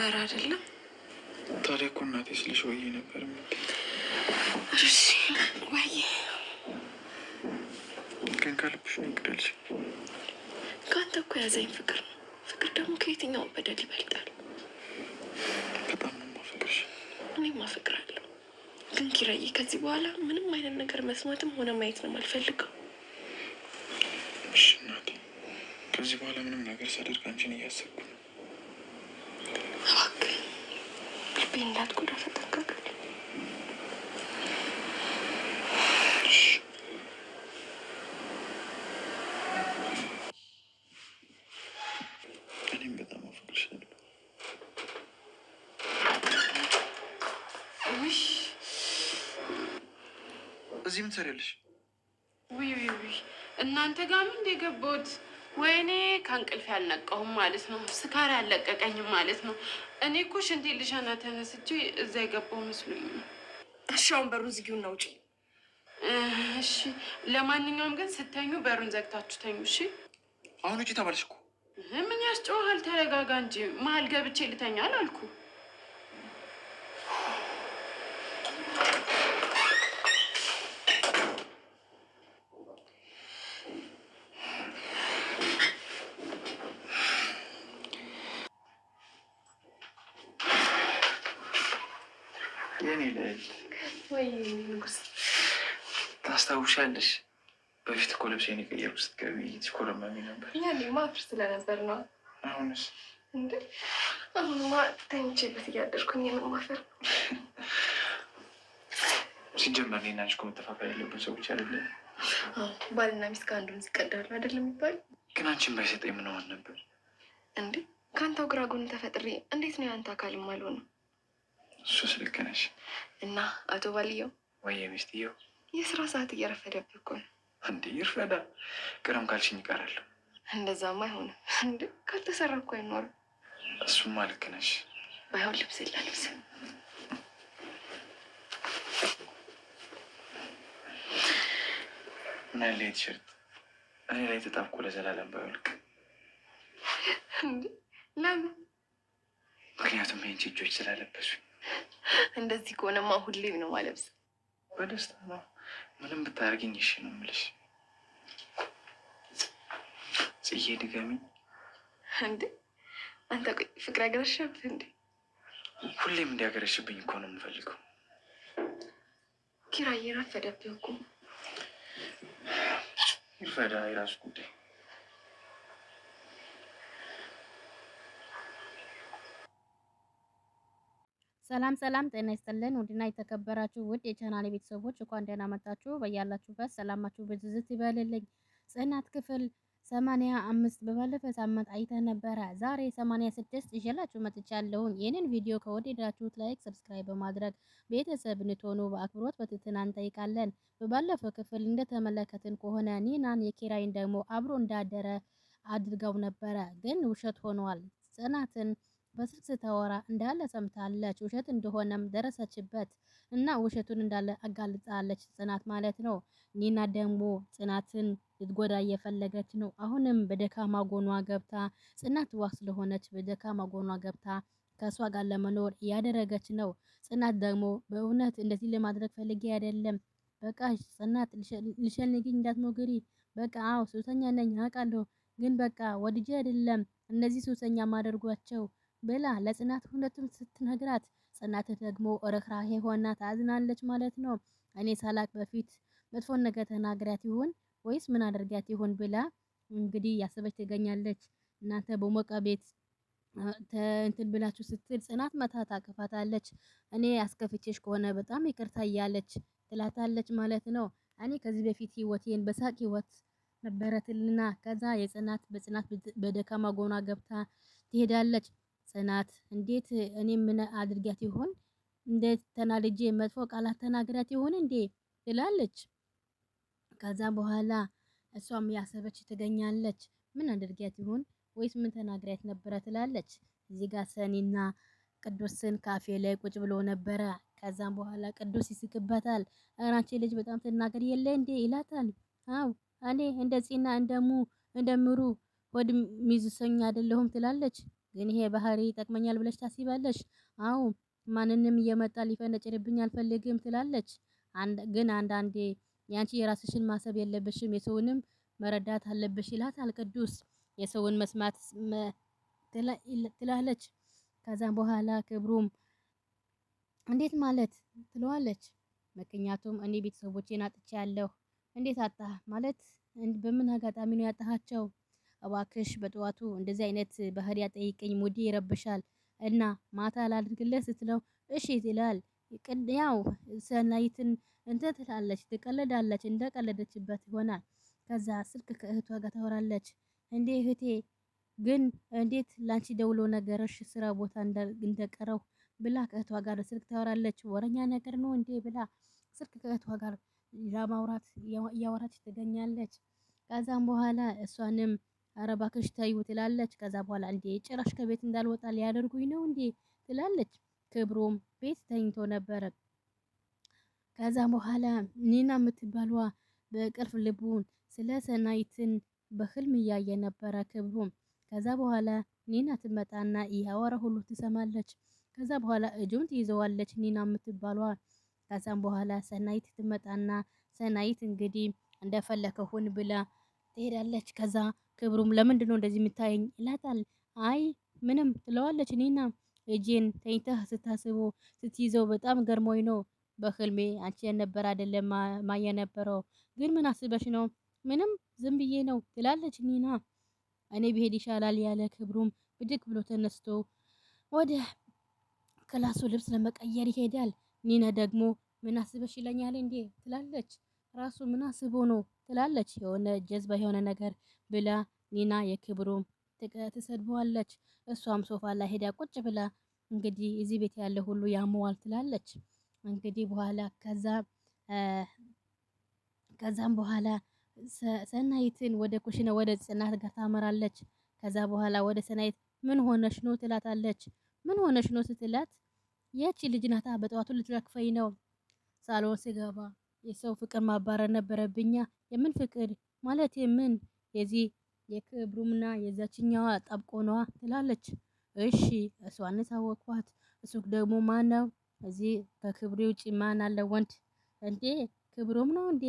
ኧረ አይደለም። ታዲያ እኮ እናቴ ስልሽ ወይዬ ነበር። እሺ ወይዬ ግን ከልብሽ ነው ይቅደልሽ። ከአንተ እኮ ያዘኝ ፍቅር ነው። ፍቅር ደግሞ ከየትኛው በደል ይበልጣል። በጣም ነው የማፈቅርሽ። እኔም አፈቅራለሁ። ግን ኪራዬ፣ ከዚህ በኋላ ምንም አይነት ነገር መስማትም ሆነ ማየት ነው የማልፈልገው። እሺ እናቴ፣ ከዚህ በኋላ ምንም ነገር ሳደርግ አንቺን እያሰብኩ ልቤ እንዳትጎዳ ተጠንቀቅ። እኔም በጣም አፈቅርሻለሁ። እዚህ ምን ትሰሪያለሽ? ውይ ውይ ውይ እናንተ ጋር ምን እንደገባሁት ወይኔ ከእንቅልፍ ያልነቀሁም ማለት ነው። ስካር ያለቀቀኝም ማለት ነው። እኔ እኮ ሽንት ልሻና ተነስቼ እዛ የገባው መስሎኝ ነው። እሺ አሁን በሩን ዝጊውና ውጪ። እሺ ለማንኛውም ግን ስተኙ በሩን ዘግታችሁ ተኙ። እሺ አሁን ውጪ ተባልሽ እኮ ምን ያስጨዋሃል? ተረጋጋ እንጂ መሀል ገብቼ ልተኛል አልኩ። ታስታውሻለሽ? በፊት እኮ ልብሴን የቀየሩ ስትገቢ ትኮረመሚ ነበር። ያኔማ አፍር ስለነበር ነው። አሁንስ? እንደ አሁንማ ተኝቼበት እያደርኩኝ የምማፈር ሲጀመር እኔና አንቺ እኮ መተፋፈር ያለብን ሰዎች አይደለም። ባልና ሚስት ከአንዱን ሲቀዳሉ አይደለም የሚባል። ግን አንቺን ባይሰጠኝ ምን ሆን ነበር እንዴ? ከአንተው ግራ ጎን ተፈጥሬ እንዴት ነው የአንተ አካል አልሆነም። እሱስ ልክ ነሽ። እና አቶ ባልየው ወይ ሚስትየው የስራ ሰዓት እየረፈደብህ እኮ ነው። እንዴ ይርፈዳ። ቅርም ካልሽኝ ይቀራለሁ። እንደዛማ አይሆንም። እንደ ካልተሰራ እኮ አይኖርም። እሱማ ልክ ነሽ። ባይሆን ልብስ ላ ልብስ ምን ያለ ቲሸርት እኔ ላይ ተጣብቆ ለዘላለም ባይወልቅ። ለምን? ምክንያቱም ይህን እጆች ስላለበሱ። እንደዚህ ከሆነማ ሁሌም ነው ማለብስ። በደስታ ነው ምንም ብታደርግኝ እሺ ነው የምልሽ። ጽዬ ድገሚ። እንዴ አንተ ቆይ ፍቅር ያገረሸብህ እንዴ? ሁሌም እንዲያገረሽብኝ እኮ ነው የምፈልገው። ኪራዬ ረፈደብህ እኮ። የራሱ ጉዳይ ሰላም ሰላም፣ ጤና ይስጥልን ውድና የተከበራችሁ ውድ የቻናል ቤተሰቦች እንኳን ደህና መጣችሁ። በያላችሁበት ሰላማችሁ ብዝዝት ይበልልኝ። ጽናት ክፍል ሰማንያ አምስት በባለፈ ሳምንት አይተ ነበረ። ዛሬ ሰማንያ ስድስት ይዤላችሁ መጥቻለሁኝ። ይህንን ቪዲዮ ከወደዳችሁት ላይክ፣ ሰብስክራይብ በማድረግ ቤተሰብ እንድትሆኑ በአክብሮት በትህትና እንጠይቃለን። በባለፈው ክፍል እንደተመለከትን ከሆነ ኒናን የኪራይን ደግሞ አብሮ እንዳደረ አድርገው ነበረ፣ ግን ውሸት ሆኗል። ጽናትን በስልክ ስታወራ እንዳለ ሰምታለች። ውሸት እንደሆነም ደረሰችበት እና ውሸቱን እንዳለ አጋልጣለች ጽናት ማለት ነው። ኒና ደግሞ ጽናትን ልትጎዳ እየፈለገች ነው። አሁንም በደካማ ጎኗ ገብታ ጽናት ዋህ ስለሆነች በደካማ ጎኗ ገብታ ከእሷ ጋር ለመኖር እያደረገች ነው። ጽናት ደግሞ በእውነት እንደዚህ ለማድረግ ፈልጌ አይደለም። በቃ ጽናት ልሸልግኝ እንዳትሞግሪ። በቃ አዎ ሱሰኛ ነኝ አውቃለሁ፣ ግን በቃ ወድጄ አይደለም እነዚህ ሱሰኛ ማደርጓቸው ብላ ለጽናት ሁለቱን ስትነግራት ጽናት ደግሞ ርኅራኄ ሆና ታዝናለች ማለት ነው። እኔ ሳላቅ በፊት መጥፎን ነገር ተናግሪያት ይሆን ወይስ ምን አድርጊያት ይሆን ብላ እንግዲህ ያሰበች ትገኛለች። እናንተ በሞቀ ቤት እንትን ብላችሁ ስትል ጽናት መታ ታቅፋታለች። እኔ አስከፍቼሽ ከሆነ በጣም ይቅርታ እያለች ትላታለች ማለት ነው። እኔ ከዚህ በፊት ህይወቴን በሳቅ ህይወት ነበረትልና ከዛ የጽናት በጽናት በደካማ ጎኗ ገብታ ትሄዳለች። ጽናት እንዴት እኔ ምን አድርጊያት ይሆን እንዴት ተናድጄ መጥፎ ቃላት ተናግሪያት ይሆን እንዴ ትላለች። ከዛ በኋላ እሷም ያሰበች ትገኛለች። ምን አድርጊያት ይሆን ወይስ ምን ተናግሪያት ነበረ ትላለች። እዚህ ጋር ሰኔና ቅዱስን ካፌ ላይ ቁጭ ብሎ ነበረ። ከዛም በኋላ ቅዱስ ይስቅበታል። እራንቺ ልጅ በጣም ትናገር የለ እንዴ ይላታል። አው እኔ እንደ ጽና እንደሙ እንደምሩ ወድ ሚዝሰኛ አይደለሁም ትላለች። ግን ይሄ ባህሪ ይጠቅመኛል ብለሽ ታስባለሽ? አዎ ማንንም እየመጣ ሊፈነጭርብኝ አልፈልግም ትላለች። ግን አንዳንዴ ያንቺ የራስሽን ማሰብ የለብሽም የሰውንም መረዳት አለብሽ ይላታል ቅዱስ። የሰውን መስማት ትላለች። ከዛም በኋላ ክብሩም እንዴት ማለት ትለዋለች። ምክንያቱም እኔ ቤተሰቦቼን አጥቼ ያለሁ። እንዴት አጣ ማለት በምን አጋጣሚ ነው ያጣሃቸው እባክሽ በጠዋቱ እንደዚህ አይነት ባህሪ ያጠይቀኝ ሙዴ ይረብሻል እና ማታ ላድርግልህ ስትለው እሺ ይላል። ያው ሰናይትን እንትን ትላለች፣ ትቀለዳለች፣ እንደቀለደችበት ይሆናል። ከዛ ስልክ ከእህቷ ጋር ታወራለች። እንዴ እህቴ ግን እንዴት ላንቺ ደውሎ ነገረሽ ስራ ቦታ እንደቀረው ብላ ከእህቷ ጋር ስልክ ታወራለች። ወረኛ ነገር ነው እንዴ ብላ ስልክ ከእህቷ ጋር ለማውራት እያወራች ትገኛለች። ከዛም በኋላ እሷንም አረባክሽ ተይው ትላለች። ከዛ በኋላ እንዴ ጭራሽ ከቤት እንዳልወጣ ሊያደርጉኝ ነው እንዴ ትላለች። ክብሮም ቤት ተኝቶ ነበረ። ከዛ በኋላ ኒና የምትባሏ በቅርፍ ልቡን ስለ ሰናይትን በህልም እያየ ነበረ ክብሮም። ከዛ በኋላ ኒና ትመጣና እያወራ ሁሉ ትሰማለች። ከዛ በኋላ እጁን ትይዘዋለች ኒና የምትባሏ። ከዛም በኋላ ሰናይት ትመጣና ሰናይት እንግዲህ እንደፈለከ ሁን ብላ ትሄዳለች። ከዛ ክብሩም ለምንድን ነው እንደዚህ የምታየኝ ይላታል። አይ ምንም ትለዋለች። እኔና እጄን ተኝተህ ስታስቦ ስትይዘው በጣም ገርሞኝ ነው። በህልሜ አንቺ የነበረ አይደለም ማየ ነበረው። ግን ምን አስበሽ ነው? ምንም ዝም ብዬ ነው ትላለች ኒና። እኔ ብሄድ ይሻላል ያለ ክብሩም ብድግ ብሎ ተነስቶ ወደ ክላሱ ልብስ ለመቀየር ይሄዳል። ኒና ደግሞ ምን አስበሽ ይለኛል እንዴ ትላለች። ራሱ ምን አስቦ ነው ትላለች። የሆነ ጀዝባ የሆነ ነገር ብላ ኒና የክብሩም ትሰድበዋለች። እሷም ሶፋ ላይ ሄዳ ቁጭ ብላ እንግዲህ እዚህ ቤት ያለ ሁሉ ያመዋል ትላለች። እንግዲህ በኋላ ከዛ ከዛም በኋላ ሰናይትን ወደ ኩሽና ወደ ጽናት ጋር ታመራለች። ከዛ በኋላ ወደ ሰናይት ምን ሆነሽ ነው ትላታለች። ምን ሆነሽ ነው ስትላት የቺ ልጅ ናታ በጠዋቱ ልትረክፈኝ ነው ሳሎን ስገባ የሰው ፍቅር ማባረር ነበረብኛ። የምን ፍቅር ማለት የምን የዚህ የክብሩምና የዛችኛዋ ነዋ ትላለች። እሺ እሷን ታወቅኳት። እሱ ደግሞ ማን ነው? እዚህ ከክብሬ ውጭ ማን አለ ወንድ እንዴ? ክብሩም ነው እንዴ?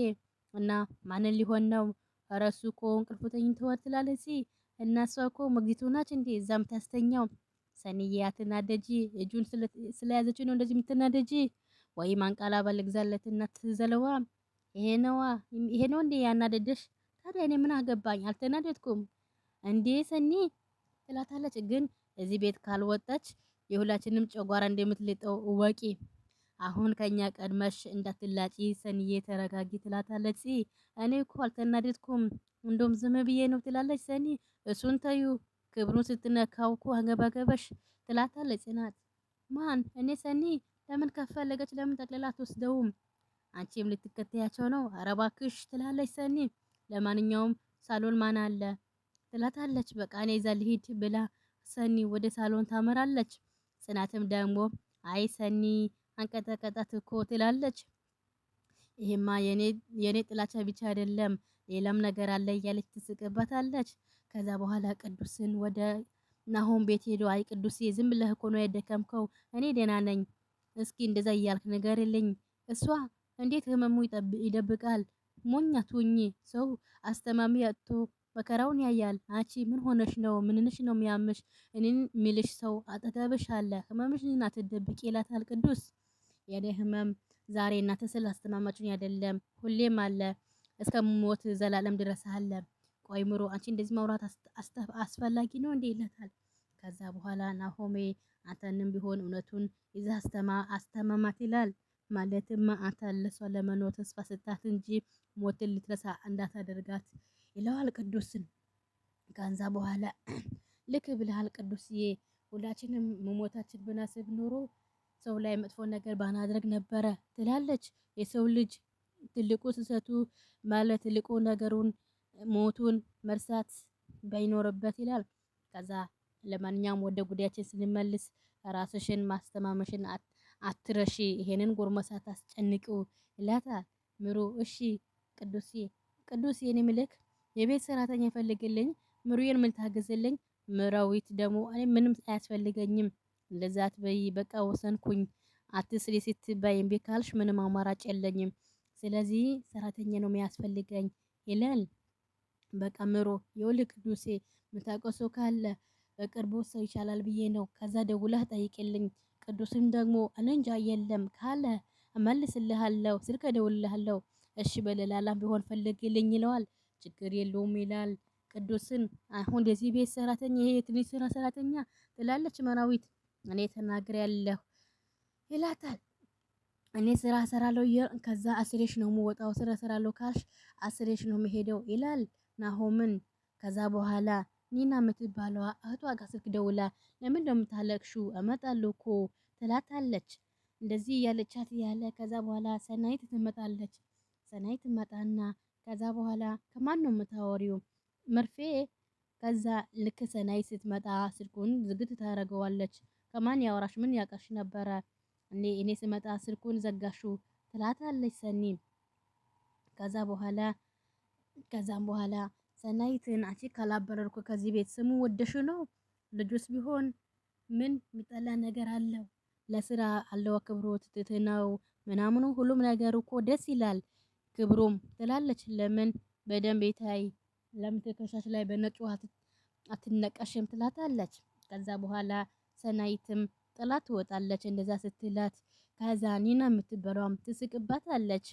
እና ማን ሊሆን ነው? ኧረ እሱ እኮ እንቅልፉ ተኝተዋል ትላለች። እና እሷ እኮ ናች እንዴ? እዛም ታስተኛው ሰኒዬ አትናደጂ። እጁን ስለያዘችው ነው እንደዚህ የምትናደጂ። ወይ ማንቃላ ልግዛለት እና ትዘለዋ ይሄ ነዋ ይሄ ነው እንዴ ያናደደሽ? ታዲያ እኔ ምን አገባኝ? አልተናደድኩም እንዴ ሰኒ ትላታለች። ግን እዚህ ቤት ካልወጣች የሁላችንም ጨጓራ እንደምትልጠው እወቂ። አሁን ከኛ ቀድመሽ እንዳትላጪ ሰንዬ ተረጋጊ ትላታለች። እኔ እኮ አልተናደድኩም እንደውም ዝም ብዬ ነው ትላለች ሰኒ። እሱን ተዩ ክብሩን ስትነካው እኮ አገባገበሽ ትላታለች ጽናት። ማን እኔ ሰኒ ለምን ከፈለገች ለምን ጠቅልላ አትወስደውም? አንቺም ልትከተያቸው ነው? ኧረ እባክሽ ትላለች ሰኒ። ለማንኛውም ሳሎን ማን አለ ትላታለች። በቃ እኔ ይዛ ልሂድ ብላ ሰኒ ወደ ሳሎን ታመራለች። ጽናትም ደግሞ አይ ሰኒ አንቀጠቀጣት እኮ ትላለች። ይሄማ የኔ ጥላቻ ብቻ አይደለም ሌላም ነገር አለ እያለች ትስቅባታለች። ከዛ በኋላ ቅዱስን ወደ ናሆም ቤት ሄዶ አይ ቅዱስ ዝም ብለህ እኮ ነው የደከምከው፣ እኔ ደህና ነኝ እስኪ እንደዛ እያልክ ነገር የለኝ። እሷ እንዴት ህመሙ ይደብቃል? ሞኝ አትሁኚ። ሰው አስተማሚ አጥቶ መከራውን ያያል። አንቺ ምን ሆነሽ ነው? ምንንሽ ነው የሚያምሽ? እኔን ሚልሽ ሰው አጠገብሽ አለ። ህመምሽን አትደብቂ ይላታል ቅዱስ። የኔ ህመም ዛሬ እናንተ ስላስተማማችሁኝ አይደለም፣ ሁሌም አለ፣ እስከ ሞት ዘላለም ድረስ አለ። ቆይ ምሮ አንቺ እንደዚህ ማውራት አስፈላጊ ነው እንዴ? ይላታል ከዛ በኋላ ናሆሜ አንተንም ቢሆን እውነቱን ይዘህ አስተማ አስተማማት ይላል። ማለትም አንተ ለሷ ለመኖር ተስፋ ስጣት እንጂ ሞትን ልትረሳ እንዳታደርጋት ይለዋል ቅዱስን። ከዛ በኋላ ልክ ብለሃል ቅዱስዬ፣ ሁላችንም መሞታችን ብናስብ ኖሮ ሰው ላይ መጥፎ ነገር ባናደርግ ነበረ ትላለች። የሰው ልጅ ትልቁ ስህተቱ ማለት ትልቁ ነገሩን ሞቱን መርሳት ባይኖርበት ይላል። ከዛ ለማንኛውም ወደ ጉዳያችን ስንመልስ ራስሽን ማስተማመሽን አትረሺ፣ ይሄንን ጎርመሳ ታስጨንቂው ይላታል ምሩ። እሺ ቅዱሴ ቅዱስ የኔ ምልክ የቤት ሰራተኛ ይፈልግልኝ፣ ምሩዬን ምን ታገዝልኝ? ምራዊት ደግሞ እኔ ምንም አያስፈልገኝም፣ እንደዛ አትበይ፣ በቃ ወሰንኩኝ፣ አትስሪ ስትባይ እምቢ ካልሽ ምንም አማራጭ የለኝም፣ ስለዚህ ሰራተኛ ነው የሚያስፈልገኝ ይላል። በቃ ምሮ የውልክ ቅዱሴ ምታቆሶ ካለ በቅርቡ ሰው ይቻላል ብዬ ነው። ከዛ ደውለህ ጠይቅልኝ። ቅዱስም ደግሞ እንጃ የለም ካለ እመልስልሃለሁ፣ ስልክ እደውልልሃለሁ። እሺ በለላላም ቢሆን ፈልግልኝ ይለዋል። ችግር የለውም ይላል ቅዱስን። አሁን የዚህ ቤት ሰራተኛ ይሄ የትንሽ ስራ ሰራተኛ ትላለች መራዊት። እኔ ተናግሬ ያለሁ ይላታል። እኔ ስራ ሰራለሁ፣ ከዛ አስሬሽ ነው የምወጣው። ስራ ሰራለሁ ካልሽ አስሬሽ ነው የምሄደው ይላል ናሆምን። ከዛ በኋላ ኒና የምትባለዋ እህቷ ጋር ስልክ ደውላ ለምን እንደምታለቅሹ እመጣለሁ እኮ ትላታለች። እንደዚህ እያለቻት ያለ ከዛ በኋላ ሰናይት ትመጣለች። ሰናይት ትመጣና ከዛ በኋላ ከማን ነው የምታወሪው? መርፌ ከዛ ልክ ሰናይት ስትመጣ ስልኩን ዝግት ታደርገዋለች። ከማን ያወራሽ? ምን ያውቃሽ ነበረ? እኔ እኔ ስመጣ ስልኩን ዘጋሹ ትላታለች ሰኒ ከዛ በኋላ ከዛም በኋላ ሰናይትን አንቺ ካላበረርኩ ከዚህ ቤት ስሙ ወደሽ ነው። ልጁስ ቢሆን ምን የሚጠላ ነገር አለው? ለስራ አለው አክብሮት፣ ትትናው ምናምኑ ሁሉም ነገር እኮ ደስ ይላል። ክብሩም ትላለች። ለምን በደንብ ይታይ ለምትከሻሽ ላይ በነጩ አትነቀሽም ትላታለች። ከዛ በኋላ ሰናይትም ጥላት ትወጣለች። እንደዛ ስትላት ከዛ ኒና የምትበላውም ትስቅባታለች።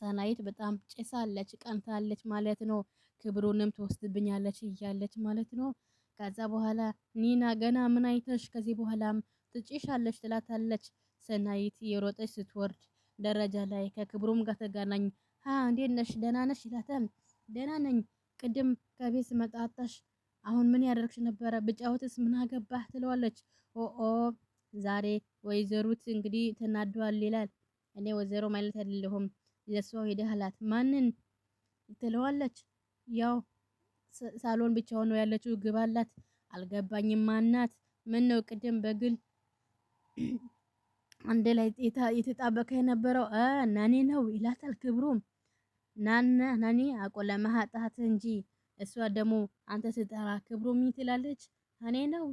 ሰናይት በጣም ጭሳለች፣ ቀንታለች ማለት ነው። ክብሩንም ትወስድብኛለች እያለች ማለት ነው። ከዛ በኋላ ኒና ገና ምን አይተሽ ከዚህ በኋላም ትጭሻለች ትላታለች። ሰናይት የሮጠች ስትወርድ ደረጃ ላይ ከክብሩም ጋር ተገናኝ። ሀ እንዴት ነሽ ደህና ነሽ ይላታል። ደህና ነኝ፣ ቅድም ከቤት መጣጣሽ አሁን ምን ያደርግሽ ነበረ? ብጫወትስ ምን አገባህ ትለዋለች። ኦኦ ዛሬ ወይዘሩት እንግዲህ ተናዷል ይላል። እኔ ወይዘሮ ማለት አይደለሁም ለሷ ሄደህ አላት። ማንን ትለዋለች? ያው ሳሎን ብቻውን ነው ያለችው። ግባላት። አልገባኝም። ማናት? ምን ነው ቅድም በግል አንድ ላይ የተጣበቀ የነበረው ናኔ ነው ይላታል። ክብሩም ናና ናኔ አቆለመሃ ጣት እንጂ እሷ ደግሞ አንተ ስጠራ ክብሩም ትላለች። እኔ ነው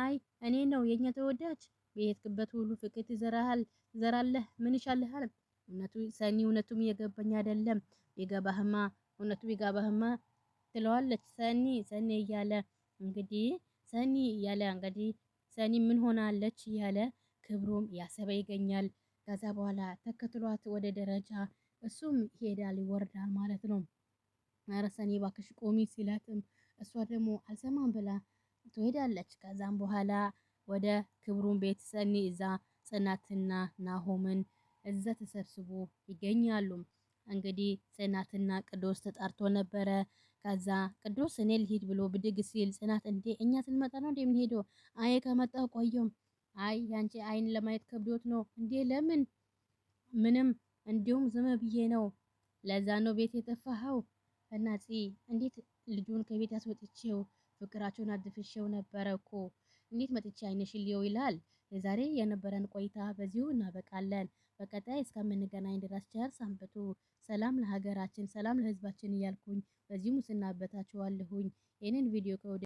አይ እኔ ነው የኛ ተወዳጅ በየትክበት ሁሉ ፍቅር ትዘራለህ ምን ይሻልሃል እውነቱ ሰኒ እውነቱም እየገባኝ አይደለም። ቢገባህማ እውነቱ ቢገባህማ ትለዋለች ሰኒ ሰኒ እያለ እንግዲህ ሰኒ እያለ እንግዲህ ሰኒ ምን ሆናለች እያለ ክብሩም ያሰበ ይገኛል። ከዛ በኋላ ተከትሏት ወደ ደረጃ እሱም ይሄዳል ይወርዳል ማለት ነው። ኧረ ሰኒ ባክሽ ቆሚ ሲላትም እሷ ደግሞ አልሰማም ብላ ትሄዳለች። ከዛም በኋላ ወደ ክብሩም ቤት ሰኒ እዛ ጽናትና ናሆምን እዛ ተሰብስቦ ይገኛሉ። እንግዲህ ጽናትና ቅዱስ ተጣርቶ ነበረ። ከዛ ቅዱስ እኔ ልሂድ ብሎ ብድግ ሲል ጽናት እንዴ እኛ ስንመጣ ነው እንዴ አይ ከመጣው ቆየም። አይ ያንቺ አይን ለማየት ከብዶት ነው እንዴ? ለምን? ምንም እንዲሁም ዝም ብዬ ነው። ለዛ ነው ቤት የጠፋኸው። እና እንዴት ልጁን ከቤት ያስወጥቼው ፍቅራቸውን አድፍሼው ነበረ እኮ እንዴት መጥቼ አይነሽ ይላል። የዛሬ የነበረን ቆይታ በዚሁ እናበቃለን። በቀጣይ እስከምንገናኝ ድረስ ቸር ሰንብቱ። ሰላም ለሀገራችን፣ ሰላም ለህዝባችን እያልኩኝ በዚህ ሙስናበታችኋለሁኝ። ይህንን ቪዲዮ ከወደ